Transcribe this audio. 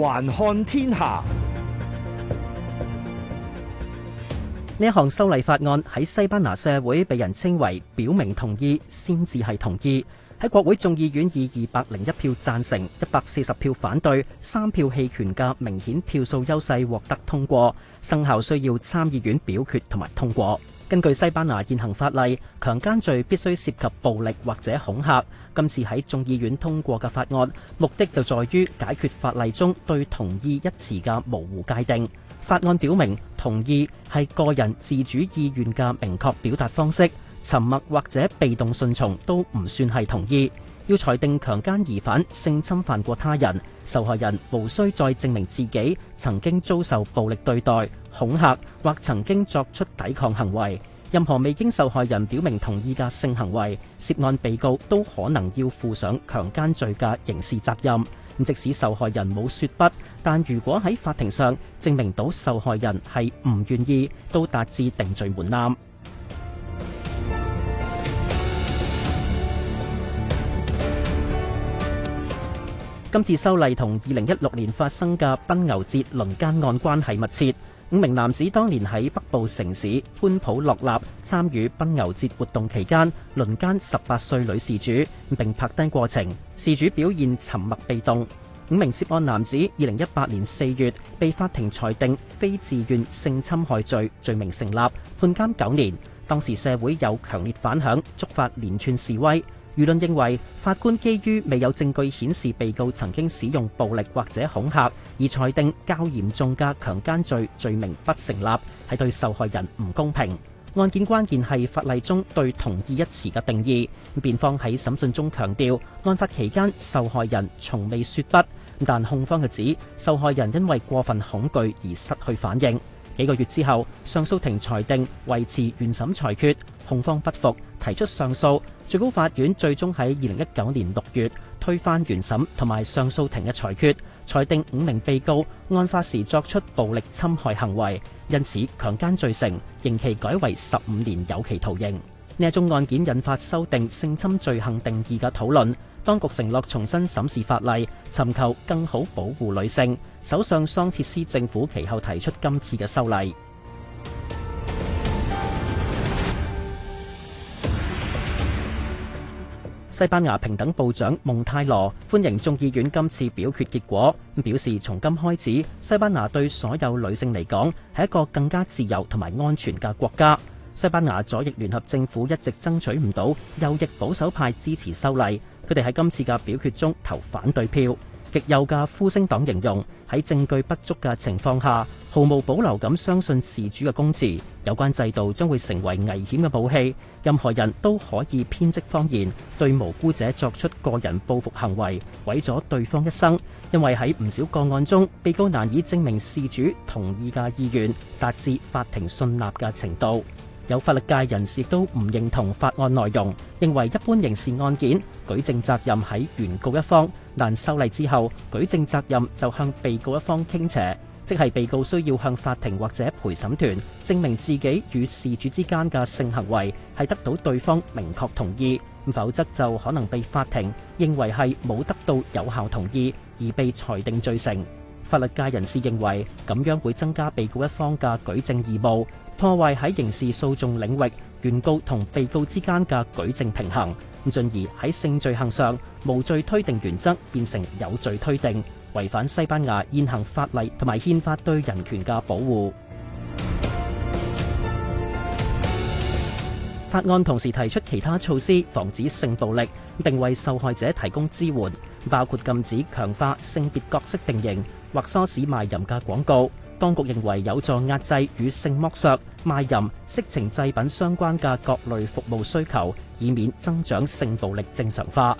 環看天下，呢一項修例法案喺西班牙社會被人稱為“表明同意先至係同意”，喺國會眾議院以二百零一票贊成、一百四十票反對、三票棄權嘅明顯票數優勢獲得通過，生效需要參議院表決同埋通過。根據西班牙現行法例，強姦罪必須涉及暴力或者恐嚇。今次喺眾議院通過嘅法案，目的就在於解決法例中對同意一詞嘅模糊界定。法案表明，同意係個人自主意願嘅明確表達方式，沉默或者被動順從都唔算係同意。要裁定強姦疑犯性侵犯過他人，受害人無需再證明自己曾經遭受暴力對待、恐嚇或曾經作出抵抗行為。任何未經受害人表明同意嘅性行為，涉案被告都可能要負上強姦罪嘅刑事責任。即使受害人冇說不，但如果喺法庭上證明到受害人係唔願意，都達至定罪門檻。今次修例同2016年發生嘅奔牛節輪姦案關係密切。五名男子當年喺北部城市潘普洛納參與奔牛節活動期間，輪姦十八歲女事主，並拍低過程。事主表現沉默被動。五名涉案男子2018年4月被法庭裁定非自願性侵害罪罪名成立，判監九年。當時社會有強烈反響，觸發連串示威。輿論認為，法官基於未有證據顯示被告曾經使用暴力或者恐嚇，而裁定較嚴重嘅強姦罪罪名不成立，係對受害人唔公平。案件關鍵係法例中對同意一詞嘅定義。辯方喺審訊中強調，案發期間受害人從未說不，但控方又指受害人因為過分恐懼而失去反應。幾個月之後，上訴庭裁定維持原審裁決，控方不服。提出上訴，最高法院最終喺二零一九年六月推翻原審同埋上訴庭嘅裁決，裁定五名被告案發時作出暴力侵害行為，因此強姦罪成，刑期改為十五年有期徒刑。呢一宗案件引發修訂性侵罪行定義嘅討論，當局承諾重新審視法例，尋求更好保護女性。首相桑切斯政府其後提出今次嘅修例。西班牙平等部長蒙泰羅歡迎眾議院今次表決結果，表示從今開始，西班牙對所有女性嚟講係一個更加自由同埋安全嘅國家。西班牙左翼聯合政府一直爭取唔到右翼保守派支持修例，佢哋喺今次嘅表決中投反對票。極右嘅呼聲黨形容喺證據不足嘅情況下，毫無保留咁相信事主嘅供詞，有關制度將會成為危險嘅武器，任何人都可以編織謊言，對無辜者作出個人報復行為，毀咗對方一生。因為喺唔少個案中，被告難以證明事主同意嘅意願達至法庭信納嘅程度。有法律界人士都唔認同法案內容，認為一般刑事案件舉證責任喺原告一方，但修例之後舉證責任就向被告一方傾斜，即係被告需要向法庭或者陪審團證明自己與事主之間嘅性行為係得到對方明確同意，否則就可能被法庭認為係冇得到有效同意，而被裁定罪成。法律界人士認為咁樣會增加被告一方嘅舉證義務，破壞喺刑事訴訟領域原告同被告之間嘅舉證平衡，咁進而喺性罪行上無罪推定原則變成有罪推定，違反西班牙現行法例同埋憲法對人權嘅保護。 法案同時提出其他措施防止性暴力，並為受害者提供支援，包括禁止強化性別角色定型或唆使賣淫嘅廣告。當局認為有助壓制與性剝削、賣淫、色情製品相關嘅各類服務需求，以免增長性暴力正常化。